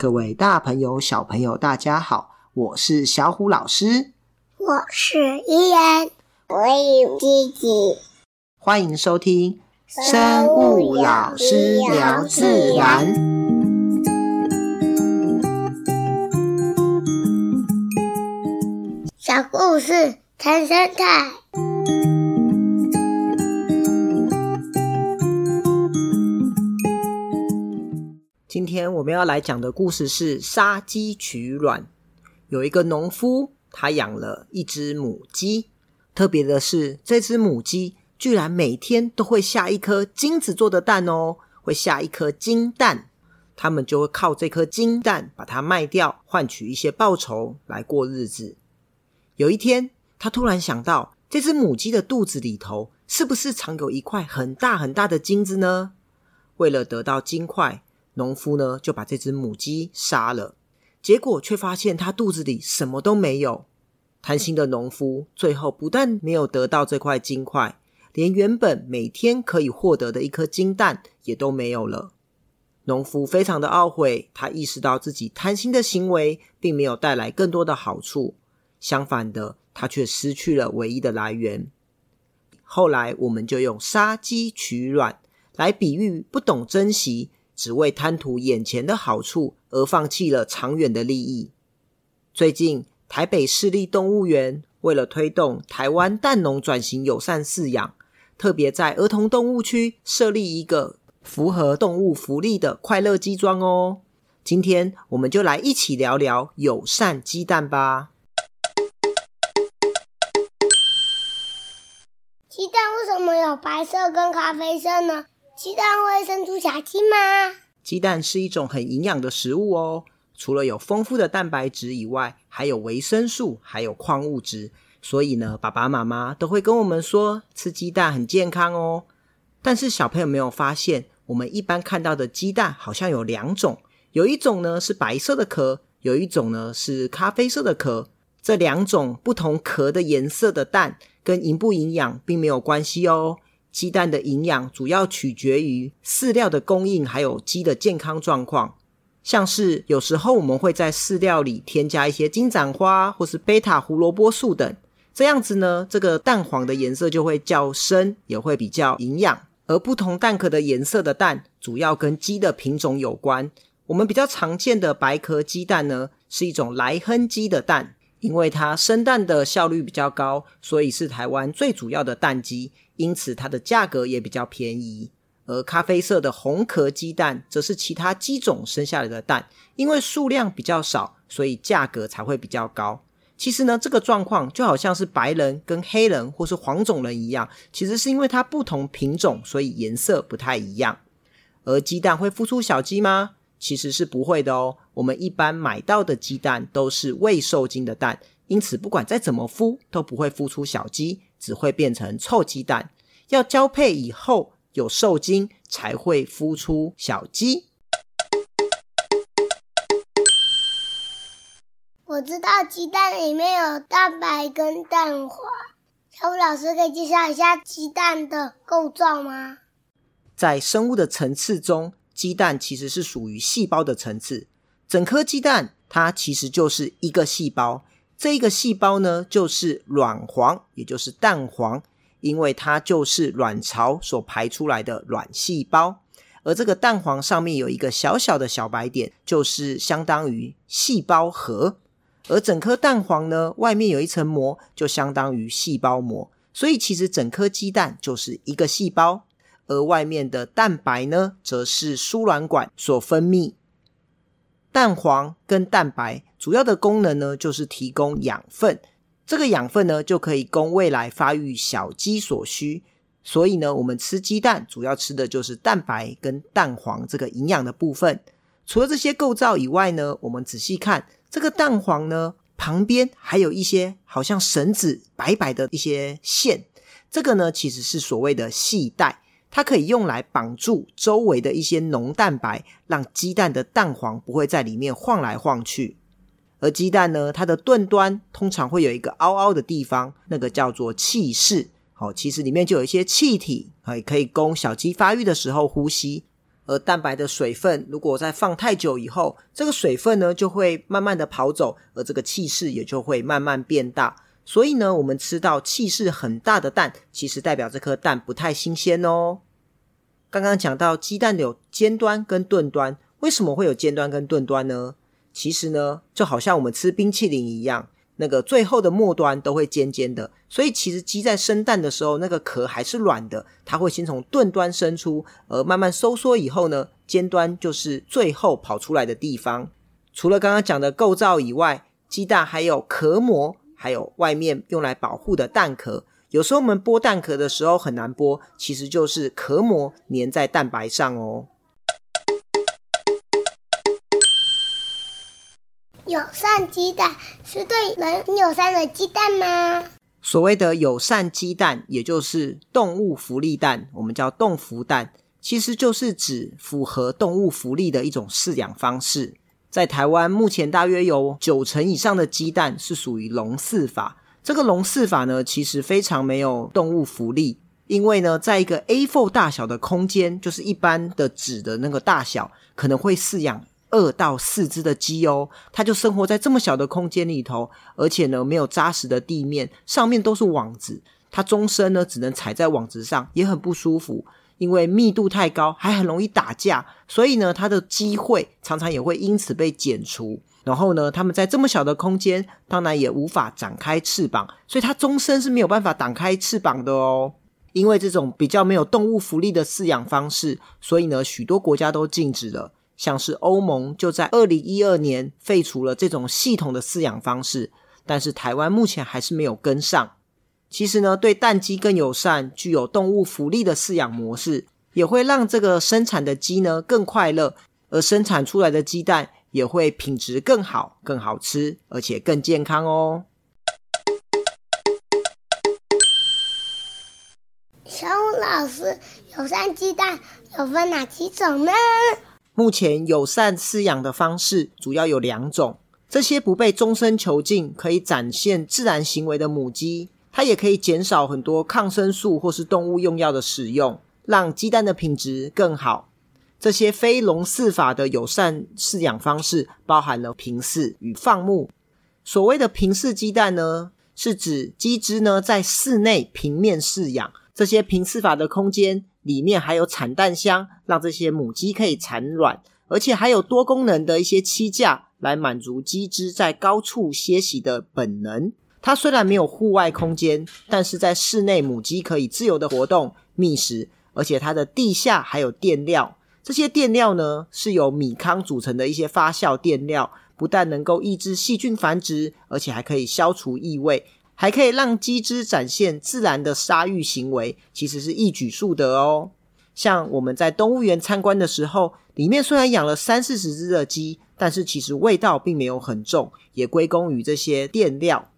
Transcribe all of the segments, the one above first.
各位大朋友、小朋友，大家好，我是小虎老師，我是依然，我也有吉吉，歡迎收聽生物老師聊自然小故事談生態。今天我們要來講的故事是殺雞取卵。有一個農夫，他養了一隻母雞。特別的是，這隻母雞居然每天都會下一顆金子做的蛋哦，會下一顆金蛋。他們就會靠這顆金蛋把它賣掉，換取一些報酬來過日子。有一天，他突然想到，這隻母雞的肚子裡頭是不是藏有一塊很大很大的金子呢？為了得到金塊，農夫呢，就把這隻母雞殺了，結果卻發現他肚子裡什麼都沒有。貪心的農夫最後不但沒有得到這塊金塊，連原本每天可以獲得的一顆金蛋也都沒有了。農夫非常的懊悔，他意識到自己貪心的行為並沒有帶來更多的好處，相反的，他卻失去了唯一的來源。後來，我們就用“殺雞取卵”來比喻不懂珍惜。只為貪圖眼前的好處而放棄了長遠的利益。最近，台北市立動物園為了推動台灣蛋農轉型友善飼養，特別在兒童動物區設立一個符合動物福利的快樂雞莊哦。今天我們就來一起聊聊友善雞蛋吧。雞蛋為什麼有白色跟咖啡色呢？雞蛋會生出小雞嗎？雞蛋是一種很營養的食物哦，除了有豐富的蛋白質以外，還有維生素，還有礦物質。所以呢，爸爸媽媽都會跟我們說，吃雞蛋很健康哦。但是小朋友沒有發現，我們一般看到的雞蛋好像有兩種，有一種呢是白色的殼，有一種呢是咖啡色的殼。這兩種不同殼的顏色的蛋，跟營不營養並沒有關係哦。雞蛋的營養主要取決於飼料的供應，還有雞的健康狀況。像是有時候我們會在飼料裡添加一些金盞花或是貝塔胡蘿蔔素等，這樣子呢，這個蛋黃的顏色就會較深，也會比較營養。而不同蛋殼的顏色的蛋，主要跟雞的品種有關。我們比較常見的白殼雞蛋呢，是一種萊亨雞的蛋。因為它生蛋的效率比較高，所以是台灣最主要的蛋雞，因此它的價格也比較便宜。而咖啡色的紅殼雞蛋，則是其他雞種生下來的蛋，因為數量比較少，所以價格才會比較高。其實呢，這個狀況就好像是白人跟黑人或是黃種人一樣，其實是因為它不同品種，所以顏色不太一樣。而雞蛋會孵出小雞嗎？其實是不會的哦。我們一般買到的雞蛋都是未受精的蛋，因此不管再怎麼孵，都不會孵出小雞，只會變成臭雞蛋。要交配以後有受精，才會孵出小雞。我知道雞蛋裡面有蛋白跟蛋黃。小虎老師可以介紹一下雞蛋的構造嗎？在生物的層次中。雞蛋其實是屬於細胞的層次，整顆雞蛋它其實就是一個細胞，這一個細胞呢就是卵黃，也就是蛋黃，因為它就是卵巢所排出來的卵細胞。而這個蛋黃上面有一個小小的小白點，就是相當於細胞核。而整顆蛋黃呢，外面有一層膜，就相當於細胞膜。所以其實整顆雞蛋就是一個細胞。而外面的蛋白呢，則是輸卵管所分泌。蛋黃跟蛋白主要的功能呢，就是提供養分。這個養分呢，就可以供未來發育小雞所需。所以呢，我們吃雞蛋主要吃的就是蛋白跟蛋黃這個營養的部分。除了這些構造以外呢，我們仔細看這個蛋黃呢，旁邊還有一些好像繩子白白的一些線。這個呢，其實是所謂的繫帶。它可以用來綁住周圍的一些濃蛋白，讓雞蛋的蛋黃不會在裡面晃來晃去。而雞蛋呢，它的鈍端通常會有一個凹凹的地方，那個叫做氣室。哦，其實裡面就有一些氣體，啊、哦，也可以供小雞發育的時候呼吸。而蛋白的水分如果在放太久以後，這個水分呢就會慢慢地跑走，而這個氣室也就會慢慢變大。所以呢，我們吃到氣室很大的蛋，其實代表這顆蛋不太新鮮哦。剛剛講到雞蛋有尖端跟鈍端，為什麼會有尖端跟鈍端呢？其實呢，就好像我們吃冰淇淋一樣，那個最後的末端都會尖尖的。所以其實雞在生蛋的時候，那個殼還是軟的，它會先從鈍端生出，而慢慢收縮以後呢，尖端就是最後跑出來的地方。除了剛剛講的構造以外，雞蛋還有殼膜。還有外面用來保護的蛋殼，有時候我們剝蛋殼的時候很難剝，其實就是殼膜粘在蛋白上哦。友善雞蛋是對人友善的雞蛋嗎？所謂的友善雞蛋，也就是動物福利蛋，我們叫動福蛋，其實就是指符合動物福利的一種飼養方式。在台灣，目前大約有九成以上的雞蛋是屬於籠飼法。這個籠飼法呢，其實非常沒有動物福利，因為呢，在一個 A4 大小的空間，就是一般的紙的那個大小，可能會飼養二到四隻的雞哦。它就生活在這麼小的空間裡頭，而且呢，沒有扎實的地面，上面都是網子，它終身呢只能踩在網子上，也很不舒服。因為密度太高，還很容易打架，所以呢，它的機會常常也會因此被剪除。然後呢，他們在這麼小的空間，當然也無法展開翅膀，所以它終身是沒有辦法打開翅膀的哦。因為這種比較沒有動物福利的飼養方式，所以呢，許多國家都禁止了。像是歐盟就在二零一二年廢除了這種系統的飼養方式，但是台灣目前還是沒有跟上。其實呢，對蛋雞更友善、具有動物福利的飼養模式，也會讓這個生產的雞呢更快樂，而生產出來的雞蛋也會品質更好、更好吃，而且更健康哦。小虎老師，友善雞蛋有分哪幾種呢？目前友善飼養的方式主要有兩種，這些不被終身囚禁、可以展現自然行為的母雞。它也可以減少很多抗生素或是動物用藥的使用，讓雞蛋的品質更好。這些非籠飼法的友善飼養方式，包含了平飼與放牧。所謂的平飼雞蛋呢，是指雞只呢在室內平面飼養。這些平飼法的空間裡面還有產蛋箱，讓這些母雞可以產卵，而且還有多功能的一些棲架，來滿足雞只在高處歇息的本能。它雖然沒有戶外空間，但是在室內母雞可以自由的活動覓食，而且它的地下還有墊料。這些墊料呢，是由米糠組成的一些發酵墊料，不但能夠抑制細菌繁殖，而且還可以消除異味，還可以讓雞隻展現自然的沙浴行為，其實是一舉數得哦。像我們在動物園參觀的時候，裡面雖然養了三四十隻的雞，但是其實味道並沒有很重，也歸功於這些墊料。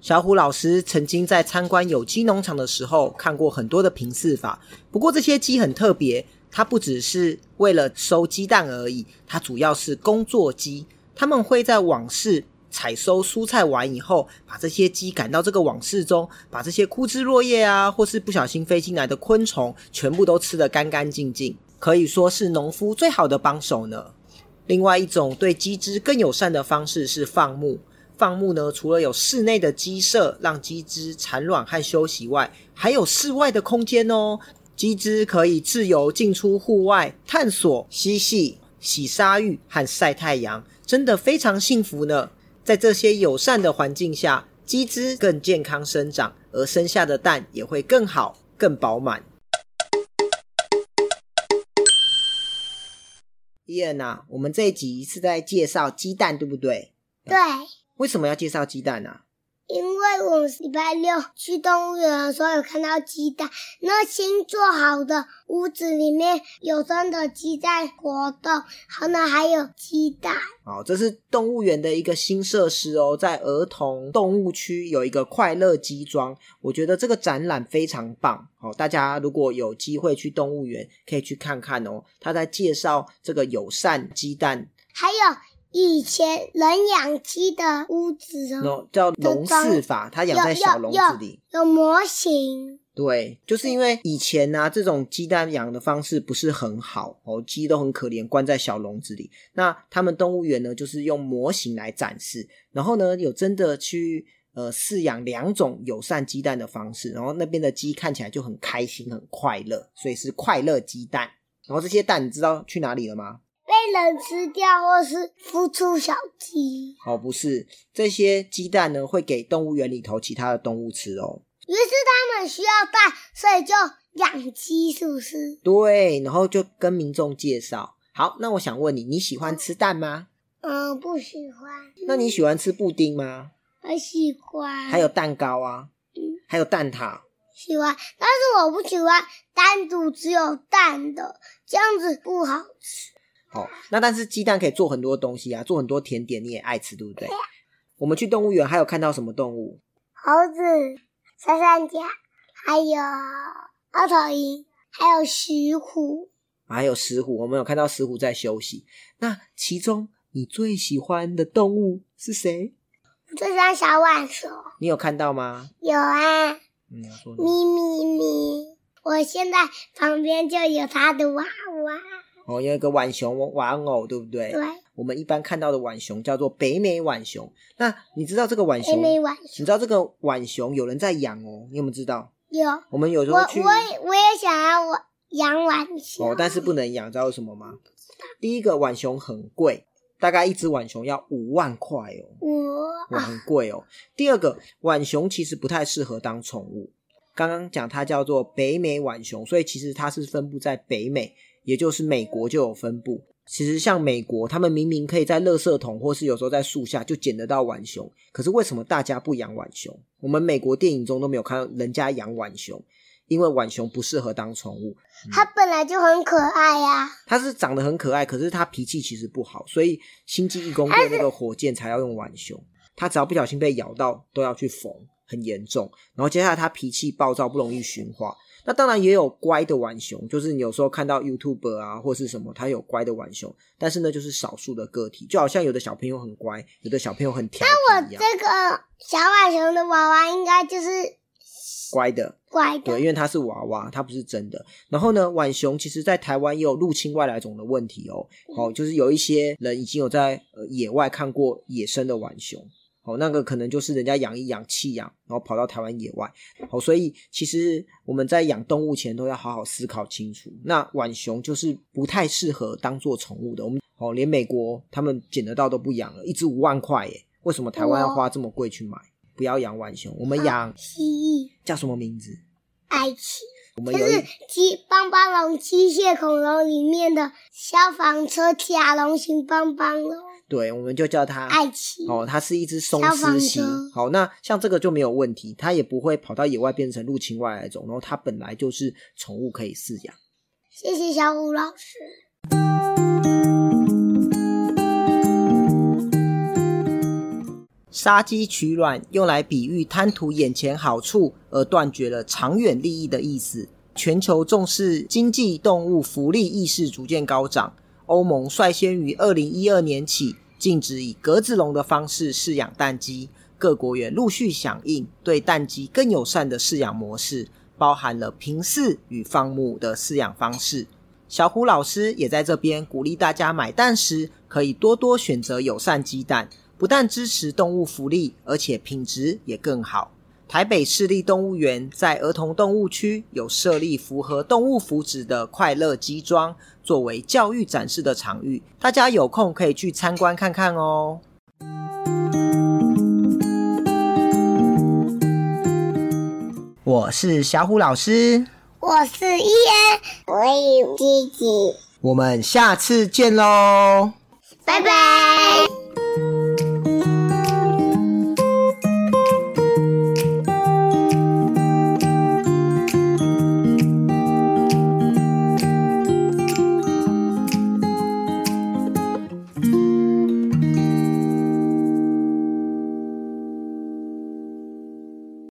小虎老師曾經在參觀有機農場的時候，看過很多的平飼法。不過這些雞很特別，它不只是為了收雞蛋而已，它主要是工作雞。他們會在網室採收蔬菜完以後，把這些雞趕到這個網室中，把這些枯枝落葉啊，或是不小心飛進來的昆蟲，全部都吃得乾乾淨淨，可以說是農夫最好的幫手呢。另外一種對雞隻更友善的方式是放牧。放牧呢，除了有室內的雞舍讓雞隻產卵和休息外，還有室外的空間哦。雞隻可以自由進出戶外探索、嬉戲、洗沙浴和曬太陽，真的非常幸福呢。在這些友善的環境下，雞隻更健康生長，而生下的蛋也會更好、更飽滿。伊恩啊，我們這一集是在介紹雞蛋，對不對？對。為什麼要介紹雞蛋呢、啊？因為我們禮拜六去動物園的時候，有看到雞蛋，那新做好的屋子裡面有真的雞在活動，好，那還有雞蛋。哦，這是動物園的一個新設施哦，在兒童動物區有一個快樂雞莊，我覺得這個展覽非常棒。哦，大家如果有機會去動物園，可以去看看哦。他在介紹這個友善雞蛋，還有。以前人養雞的屋子，哦，叫籠飼法，它養在小籠子裡。有有，有模型。對，就是因為以前呢，啊，這種雞蛋養的方式不是很好哦，雞都很可憐，關在小籠子裡。那他們動物園呢，就是用模型來展示，然後呢，有真的去呃飼養兩種友善雞蛋的方式，然後那邊的雞看起來就很開心，很快樂，所以是快樂雞蛋。然後這些蛋，你知道去哪裡了嗎？人吃掉，或是孵出小雞。哦，不是，這些雞蛋呢，會給動物園裡頭其他的動物吃哦。於是他們需要蛋，所以就養雞，是不是？對，然後就跟民眾介紹。好，那我想問你，你喜歡吃蛋嗎？嗯，不喜歡。那你喜歡吃布丁嗎？我喜歡。還有蛋糕啊，嗯，還有蛋撻，喜歡。但是我不喜歡單獨只有蛋的，這樣子不好吃。哦、那但是雞蛋可以做很多東西啊，做很多甜點你也愛吃，對不對？對啊、我們去動物園還有看到什麼動物？猴子、三三甲，還有貓頭鷹，還有石虎，還有石虎。我們有看到石虎在休息。那其中你最喜歡的動物是誰？這最小浣熊。你有看到嗎？有啊。嗯、說說咪咪咪，我現在旁邊就有它的娃娃。哦，有一個浣熊玩偶，對不對？對。我們一般看到的浣熊叫做北美浣熊。那你知道這個浣熊？你知道這個浣熊,熊,熊有人在養哦？你有沒有知道？有。我們有時候去。我我也我也想要我養浣熊。哦，但是不能養，知道為什麼嗎？第一個，浣熊很貴，大概一只浣熊要五萬塊哦。五我。很貴哦。啊、第二個，浣熊其實不太適合當寵物。剛剛講它叫做北美浣熊，所以其實它是分布在北美。也就是美國就有分布。其實像美國，他們明明可以在垃圾桶或是有時候在樹下就撿得到浣熊，可是為什麼大家不養浣熊？我們美國電影中都沒有看到人家養浣熊，因為浣熊不適合當寵物。嗯、它本來就很可愛呀、啊，它是長得很可愛，可是它脾氣其實不好。所以《星際異攻隊》那個火箭才要用浣熊，它是只要不小心被咬到都要去縫，很嚴重。然後接下來它脾氣暴躁，不容易馴化。那當然也有乖的浣熊，就是你有時候看到 YouTube 啊或是什麼，它有乖的浣熊，但是呢，就是少數的個體，就好像有的小朋友很乖，有的小朋友很調皮一樣。那我這個小浣熊的娃娃應該就是乖的，乖的。乖的。對，因為它是娃娃，它不是真的。然後呢，浣熊其實在台灣也有入侵外來種的問題哦。哦，就是有一些人已經有在、呃、野外看過野生的浣熊。哦，那個可能就是人家養一養棄養，然後跑到台灣野外。哦，所以其實我們在養動物前都要好好思考清楚。那浣熊就是不太適合當做寵物的。我們哦，連美國他們撿得到都不養了，一隻五萬塊耶。為什麼台灣要花這麼貴去買？我不要養浣熊，我們養蜥蜴。啊、叫什麼名字？愛蜥奇。我們就是機邦邦龍機械恐龍裡面的消防車甲龍型邦邦龍。對，我們就叫它，愛奇琴。哦，它是一隻鬆獅蜥。好，那像這個就沒有問題，它也不會跑到野外變成入侵外來種。然後它本來就是寵物，可以飼養。謝謝小虎老師。殺雞取卵用來比喻貪圖眼前好處而斷絕了長遠利益的意思。全球重視經濟動物福利意識逐漸高漲，歐盟率先於二零一二年起禁止以格子籠的方式飼養蛋雞，各國也陸續響應對蛋雞更友善的飼養模式，包含了平飼與放牧的飼養方式。小虎老師也在這邊鼓勵大家買蛋時，可以多多選擇友善雞蛋，不但支持動物福利，而且品質也更好。台北市立動物園在兒童動物區有設立符合動物福祉的快樂雞莊，作為教育展示的場域，大家有空可以去參觀看看哦。我是小虎老師，我是伊恩，我是吉吉，我們下次見嘍，拜拜。